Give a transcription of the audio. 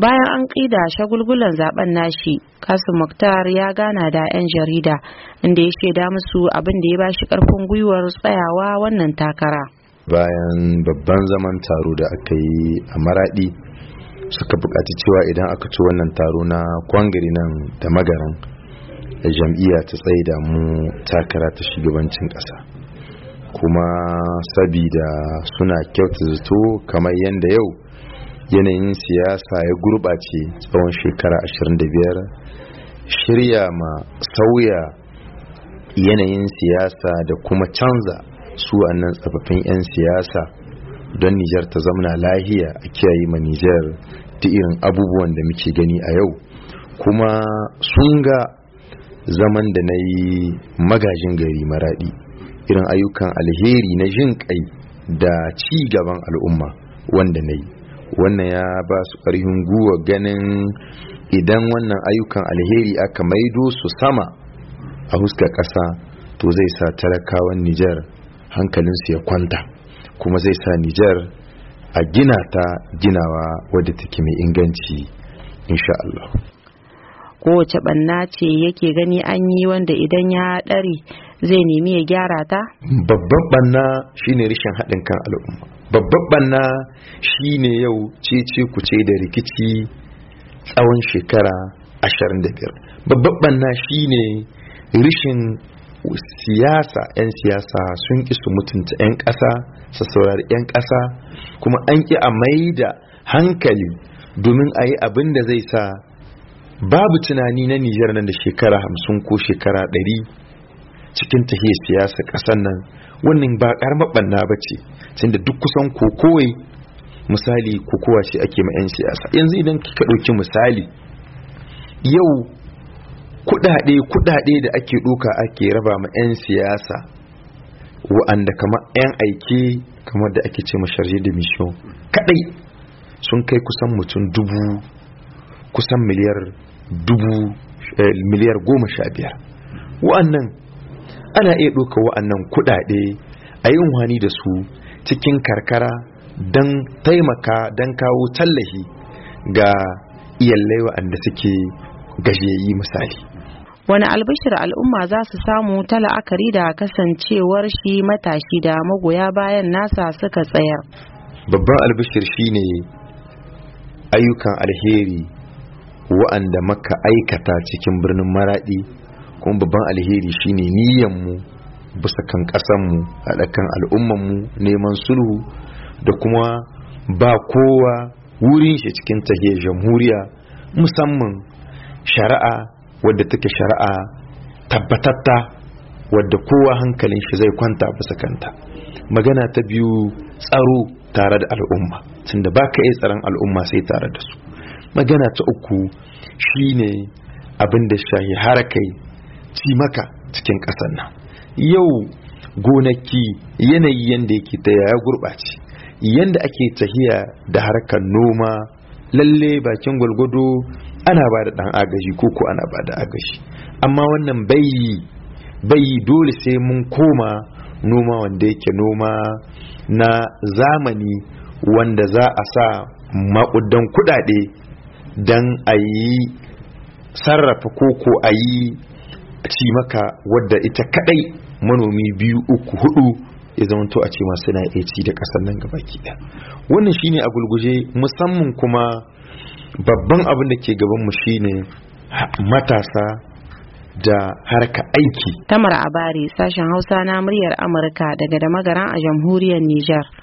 bayan an ƙida shagulgulan zaben nashi kasim muktar ya gana da 'yan jarida inda ya shaida musu abin da ya bashi karfin gwiwar tsayawa wannan takara bayan babban zaman taro da aka yi a maraɗi suka buƙaci cewa idan aka ci wannan taro na kwangari nan da magaran jam'iyya ta tsaye da mu takara ta shugabancin ƙasa kuma sabida suna kyauta zato kamar yadda yau yanayin siyasa ya gurɓace tsawon shekara 25 shirya ma sauya yanayin siyasa da kuma canza su a nan tsafaffin 'yan siyasa don nijar ta zamana lahiya a kiyaye ma nijar ta irin abubuwan da muke gani a yau kuma sun ga zaman da na yi magajin gari maraɗi irin ayyukan alheri na jin kai da ci gaban al'umma wanda na yi wannan ya ba su ƙarfin guwa ganin idan wannan ayyukan alheri aka maido su sama a huska ƙasa to zai sa talakawan nijar hankalinsu ya kwanta kuma zai sa nijar a gina ta ginawa wadda take mai inganci insha Allah kowace ɓanna ce yake gani an yi wanda idan ya ɗari zai nemi ya gyara ta babban ɓanna shine rashin haɗin kan al'umma babban banna shine yau cece ce da rikici tsawon shekara 25 babban banna shine rishin siyasa 'yan siyasa sun ki su mutunta 'yan ƙasa su saurari 'yan ƙasa kuma an ki a mai da hankali domin a yi abin da zai sa babu tunani na nijar nan da shekara hamsin ko shekara ɗari cikin tahiyar siyasa ƙasar nan wannan ba karamar banna ba ce tunda duk kusan kokowai misali kokowa shi ake ma 'yan siyasa yanzu idan kika ɗauki misali yau kudade kudade da ake ɗuka ake raba ma 'yan siyasa wa'anda kama 'yan aiki kamar da ake ce masharje da mishiyo kadai sun kai kusan mutum dubu kusan miliyar dubu eh, miliyar goma sha biyar wa'annan ana iya ɗauka wa'annan kuɗaɗe a yi unhani da su cikin karkara don taimaka don kawo tallahi ga iyalai wa'anda suke gajiyayi misali wani albishir al'umma za su samu ta la'akari da kasancewar shi matashi da magoya bayan nasa suka tsayar babban albishir shine ayyukan alheri wa'anda maka aikata cikin birnin maradi kuma babban alheri shine niyyar mu bisa kan kasan mu haɗa kan al'ummar mu neman sulhu da kuma ba kowa wurin shi cikin tahiyar jamhuriya musamman shari'a wadda take shari'a tabbatatta wadda kowa hankalin shi zai kwanta bisa kanta magana ta biyu tsaro tare da al'umma tunda ba ka iya tsaron al'umma sai tare da su magana ta uku shine abin da shahi harakai ci maka cikin ƙasar nan yau gonaki yanayi yanda yake ta ya gurɓace yanda ake tahiya da harkar noma lalle bakin gwalgwado ana ba da ɗan agaji ko ko ana ba da agaji amma wannan bayi bayi dole sai mun koma noma wanda yake noma na zamani wanda za a sa maƙudan kuɗaɗe don a yi sarrafa koko a yi ci maka wadda ita kadai manomi biyu uku hudu ya zama to a ce masu na iya ci da kasar nan gaba da wannan shine a gulguje musamman kuma babban abin da ke gaban mu shine matasa da harka aiki. Tamar Abari sashen Hausa na muryar Amurka daga da magaran a jamhuriyar Nijar.